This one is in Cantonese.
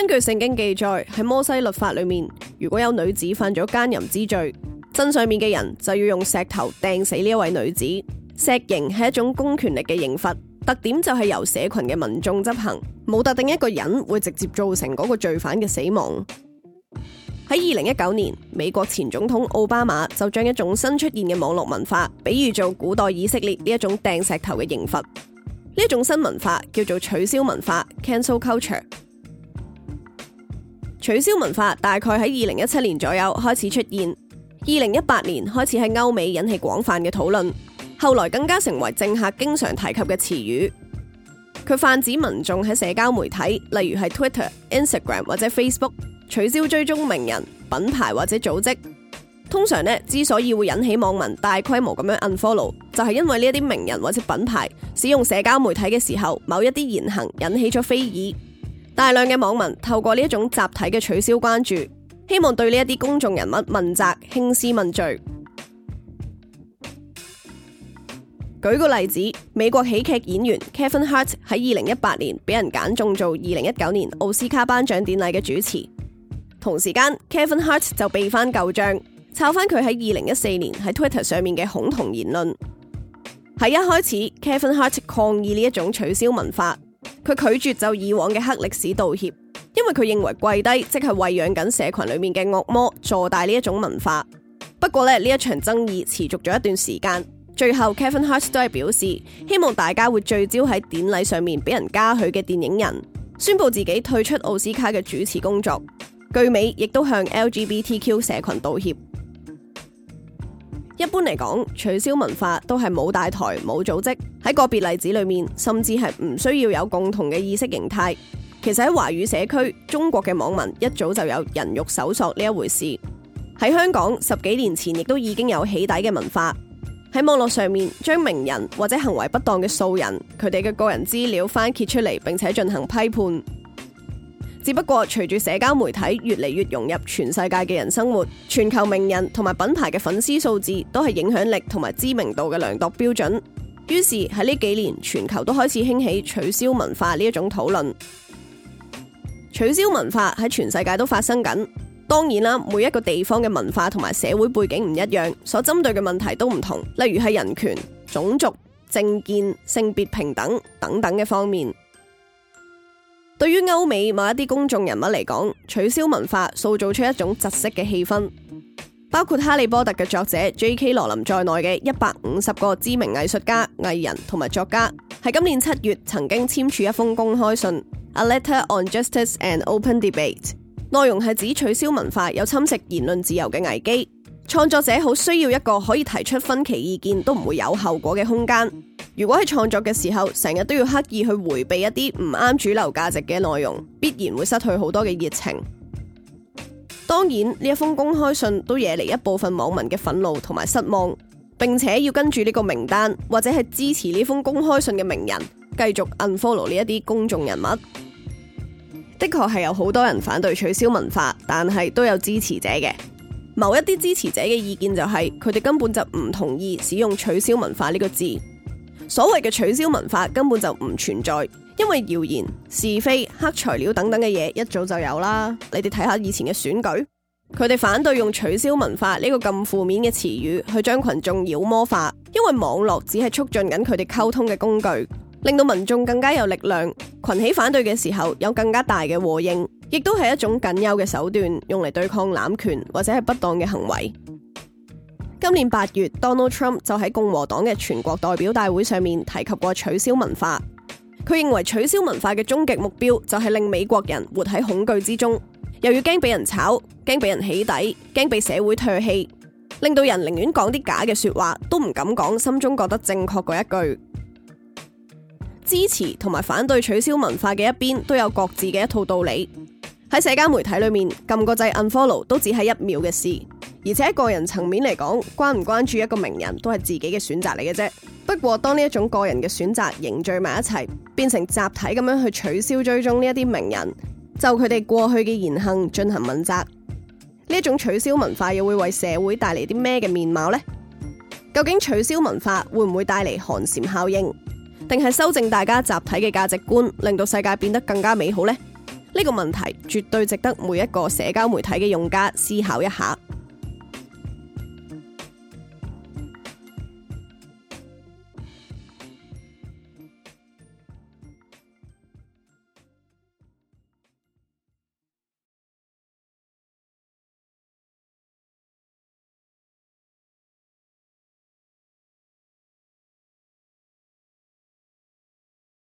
根據聖經記載，喺摩西律法裏面，如果有女子犯咗奸淫之罪，身上面嘅人就要用石頭掟死呢一位女子。石刑係一種公權力嘅刑罰，特點就係由社群嘅民眾執行，冇特定一個人會直接造成嗰個罪犯嘅死亡。喺二零一九年，美國前總統奧巴馬就將一種新出現嘅網絡文化，比喻做古代以色列呢一種掟石頭嘅刑罰，呢一種新文化叫做取消文化 （cancel culture）。取消文化大概喺二零一七年左右開始出現，二零一八年開始喺歐美引起廣泛嘅討論，後來更加成為政客經常提及嘅詞語。佢泛指民眾喺社交媒體，例如係 Twitter、Instagram 或者 Facebook，取消追蹤名人、品牌或者組織。通常呢，之所以會引起網民大規模咁樣 unfollow，就係因為呢一啲名人或者品牌使用社交媒體嘅時候，某一啲言行引起咗非議。大量嘅網民透過呢一種集體嘅取消關注，希望對呢一啲公眾人物問責、興師問罪。舉個例子，美國喜劇演員 Kevin Hart 喺二零一八年俾人揀中做二零一九年奧斯卡頒獎典禮嘅主持，同時間 Kevin Hart 就被翻舊賬，抄翻佢喺二零一四年喺 Twitter 上面嘅恐同言論。喺一開始，Kevin Hart 抗議呢一種取消文化。佢拒絕就以往嘅黑歷史道歉，因為佢認為跪低即係餵養緊社群裏面嘅惡魔，坐大呢一種文化。不過咧，呢一場爭議持續咗一段時間，最後 Kevin Hart 都係表示，希望大家會聚焦喺典禮上面俾人加許嘅電影人，宣佈自己退出奧斯卡嘅主持工作，據尾亦都向 LGBTQ 社群道歉。一般嚟講，取消文化都係冇大台，冇組織。喺個別例子裏面，甚至係唔需要有共同嘅意識形態。其實喺華語社區，中國嘅網民一早就有人肉搜索呢一回事。喺香港十幾年前，亦都已經有起底嘅文化。喺網絡上面，將名人或者行為不當嘅素人，佢哋嘅個人資料翻揭出嚟，並且進行批判。只不過，隨住社交媒體越嚟越融入全世界嘅人生活，全球名人同埋品牌嘅粉絲數字都係影響力同埋知名度嘅量度標準。於是喺呢幾年，全球都開始興起取消文化呢一種討論。取消文化喺全世界都發生緊。當然啦，每一個地方嘅文化同埋社會背景唔一樣，所針對嘅問題都唔同。例如係人權、種族、政見、性別平等等等嘅方面。對於歐美某一啲公眾人物嚟講，取消文化塑造出一種窒息嘅氣氛。包括《哈利波特》嘅作者 J.K. 羅琳在內嘅一百五十個知名藝術家、藝人同埋作家，喺今年七月曾經簽署一封公開信《A Letter on Justice and Open Debate》，內容係指取消文化有侵蝕言論自由嘅危機，創作者好需要一個可以提出分歧意見都唔會有後果嘅空間。如果喺創作嘅時候成日都要刻意去回避一啲唔啱主流價值嘅內容，必然會失去好多嘅熱情。當然，呢一封公開信都惹嚟一部分網民嘅憤怒同埋失望，並且要跟住呢個名單或者係支持呢封公開信嘅名人，繼續 unfollow 呢一啲公眾人物。的確係有好多人反對取消文化，但係都有支持者嘅。某一啲支持者嘅意見就係，佢哋根本就唔同意使用“取消文化”呢個字。所謂嘅取消文化根本就唔存在。因為謠言、是非、黑材料等等嘅嘢一早就有啦。你哋睇下以前嘅選舉，佢哋反對用取消文化呢個咁負面嘅詞語去將群眾妖魔化，因為網絡只係促進緊佢哋溝通嘅工具，令到民眾更加有力量。群起反對嘅時候有更加大嘅和應，亦都係一種僅有嘅手段，用嚟對抗濫權或者係不當嘅行為。今年八月，Donald Trump 就喺共和黨嘅全國代表大會上面提及過取消文化。佢認為取消文化嘅終極目標就係令美國人活喺恐懼之中，又要驚俾人炒，驚俾人起底，驚俾社會唾棄，令到人寧願講啲假嘅說話，都唔敢講心中覺得正確嗰一句。支持同埋反對取消文化嘅一邊都有各自嘅一套道理。喺社交媒體裏面撳個掣 unfollow 都只係一秒嘅事，而且個人層面嚟講，關唔關注一個名人都係自己嘅選擇嚟嘅啫。不過，當呢一種個人嘅選擇凝聚埋一齊，變成集體咁樣去取消追蹤呢一啲名人，就佢哋過去嘅言行進行問責，呢一種取消文化又會為社會帶嚟啲咩嘅面貌呢？究竟取消文化會唔會帶嚟寒蟬效應，定係修正大家集體嘅價值觀，令到世界變得更加美好呢？呢個問題絕對值得每一個社交媒體嘅用家思考一下。